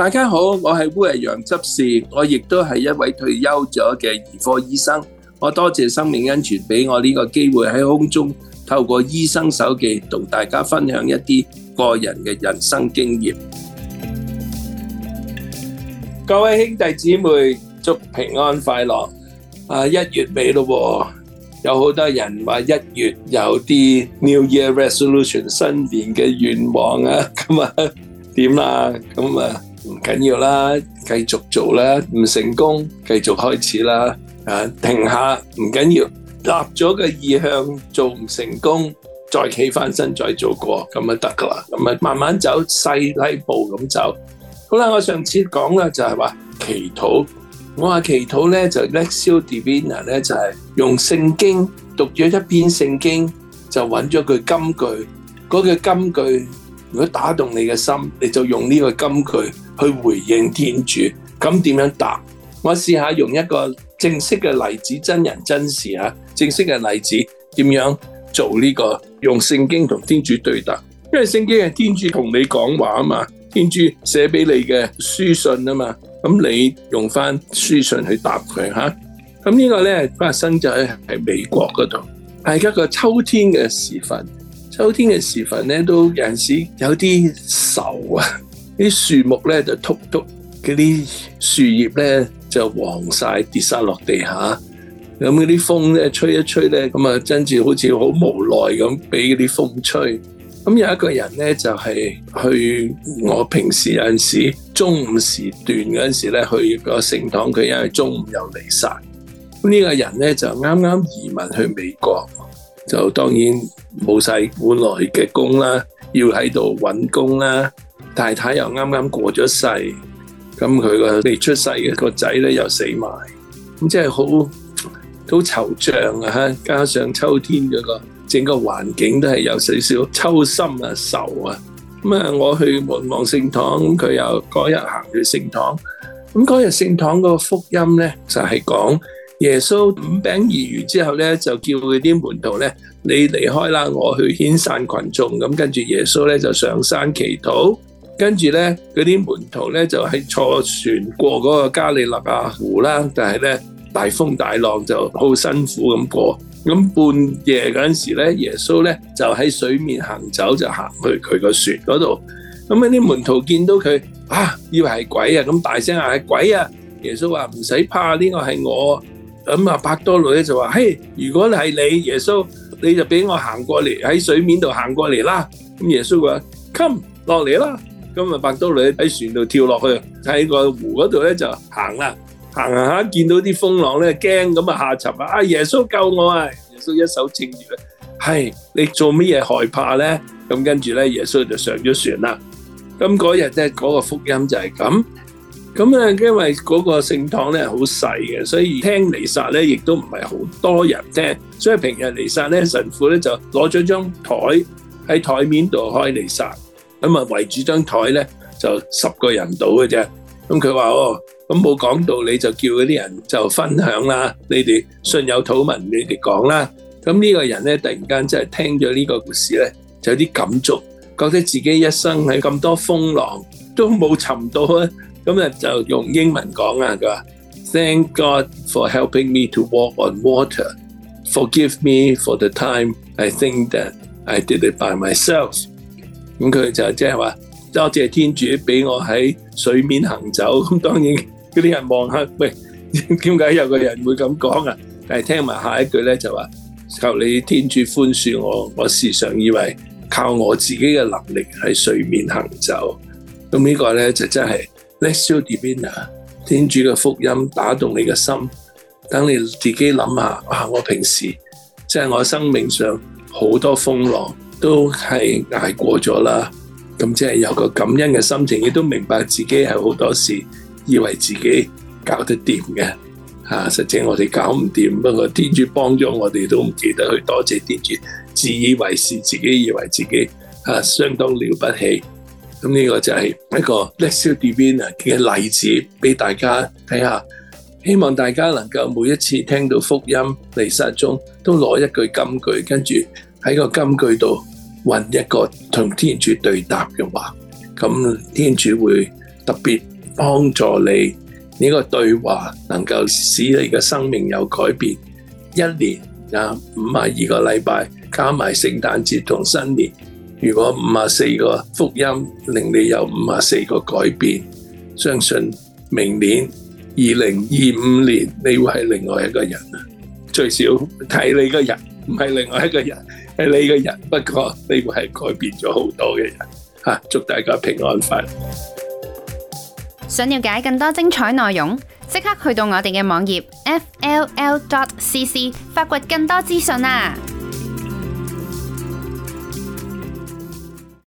大家好，我係烏羊執事，我亦都係一位退休咗嘅兒科醫生。我多謝生命恩泉俾我呢個機會喺空中透過醫生手記同大家分享一啲個人嘅人生經驗。各位兄弟姊妹，祝平安快樂！啊，一月尾咯，有好多人話一月有啲 New Year Resolution，新年嘅願望啊，咁啊點啦，咁啊～唔緊要啦，繼續做啦，唔成功繼續開始啦，啊，停下唔緊要，立咗個意向做唔成功，再企翻身再做過咁就得噶啦，咁咪慢慢走細細步咁走。好啦，我上次講咧就係話祈禱，我話祈禱咧就 Lectio Divina 咧就係用聖經讀咗一篇聖經就揾咗句金句，嗰句金句如果打動你嘅心，你就用呢個金句。去回應天主，咁點樣答？我試下用一個正式嘅例子，真人真事啊，正式嘅例子點樣做呢、呢個用聖經同天主對答？因為聖經係天主同你講話啊嘛，天主寫俾你嘅書信啊嘛，咁你用翻書信去答佢吓。咁、啊、呢個咧發生就喺美國嗰度，係一個秋天嘅時分，秋天嘅時分咧都有時有啲愁啊。啲樹木咧就禿禿，嗰啲樹葉咧就黃晒跌晒落地下。咁嗰啲風咧吹一吹咧，咁啊真係好似好無奈咁俾嗰啲風吹。咁有一個人咧就係、是、去我平時有陣時候中午時段嗰陣時咧去個聖堂，佢因為中午又離曬。呢個人咧就啱啱移民去美國，就當然冇晒本來嘅工啦，要喺度揾工啦。太太又啱啱過咗世，咁佢個未出世嘅個仔咧又死埋，咁即係好，好惆悵啊！吓，加上秋天嗰個整個環境都係有少少秋心啊愁啊，咁啊，我去望望聖堂，佢又嗰日行去聖堂，咁嗰日聖堂個福音咧就係講耶穌五餅二魚之後咧就叫佢啲門徒咧，你離開啦，我去遣散群眾，咁跟住耶穌咧就上山祈禱。跟住咧，嗰啲門徒咧就喺坐船過嗰個加里肋亞湖啦。但係咧大風大浪就好辛苦咁過。咁半夜嗰陣時咧，耶穌咧就喺水面行走，就行去佢個船嗰度。咁嗰啲門徒見到佢啊，以為係鬼啊，咁大聲嗌係鬼啊！耶穌話唔使怕，呢、呢個係我。咁啊，伯多祿咧就話：嘿，如果係你耶穌，你就俾我行過嚟喺水面度行過嚟啦。咁耶穌話：come 落嚟啦！今日伯多祿喺船度跳落去，喺個湖嗰度咧就行啦，行行下見到啲風浪咧驚，咁啊下沉啊！啊耶穌救我啊！耶穌一手撐住佢。係、哎、你做咩嘢害怕咧？咁跟住咧，耶穌就上咗船啦。咁嗰日咧，嗰個福音就係咁。咁啊，因為嗰個聖堂咧好細嘅，所以聽彌撒咧亦都唔係好多人聽，所以平日彌撒咧，神父咧就攞咗張台喺台面度開彌撒。咁啊，圍住張台咧，就十個人到嘅啫。咁佢話：哦，咁冇講到你就叫嗰啲人就分享啦。你哋信有土文，你哋講啦。咁呢個人咧，突然間真係聽咗呢個故事咧，就有啲感觸，覺得自己一生喺咁多風浪都冇沉到啊。咁啊，就用英文講啊，佢話：Thank God for helping me to walk on water。Forgive me for the time I think that I did it by myself。咁佢就即係話多謝天主俾我喺水面行走，咁當然嗰啲人望下，喂，點解有個人會咁講啊？但係聽埋下一句咧就話求你天主寬恕我，我時常以為靠我自己嘅能力喺水面行走，咁呢個咧就真係 let’s study b i b n e 天主嘅福音打動你嘅心，等你自己諗下，哇、啊！我平時即係、就是、我生命上好多風浪。都係捱過咗啦，咁即係有個感恩嘅心情，亦都明白自己係好多事以為自己搞得掂嘅，嚇！實際我哋搞唔掂，不過天主幫咗我哋都唔記得去多謝天主。自以為是，自己以為自己嚇相當了不起，咁呢個就係一個 Lectio Divina 嘅例子俾大家睇下。希望大家能夠每一次聽到福音彌撒中，都攞一句金句，跟住喺個金句度。揾一個同天主對答嘅話，咁天主會特別幫助你呢個對話，能夠使你嘅生命有改變。一年啊，五十二個禮拜加埋聖誕節同新年，如果五十四個福音令你有五十四個改變，相信明年二零二五年，你會係另外一個人啊！最少睇你個人，唔係另外一個人。係你個人，不過你會係改變咗好多嘅人吓。啊，祝大家平安快樂。想了解更多精彩內容，即刻去到我哋嘅網頁 fll.cc，發掘更多資訊啊！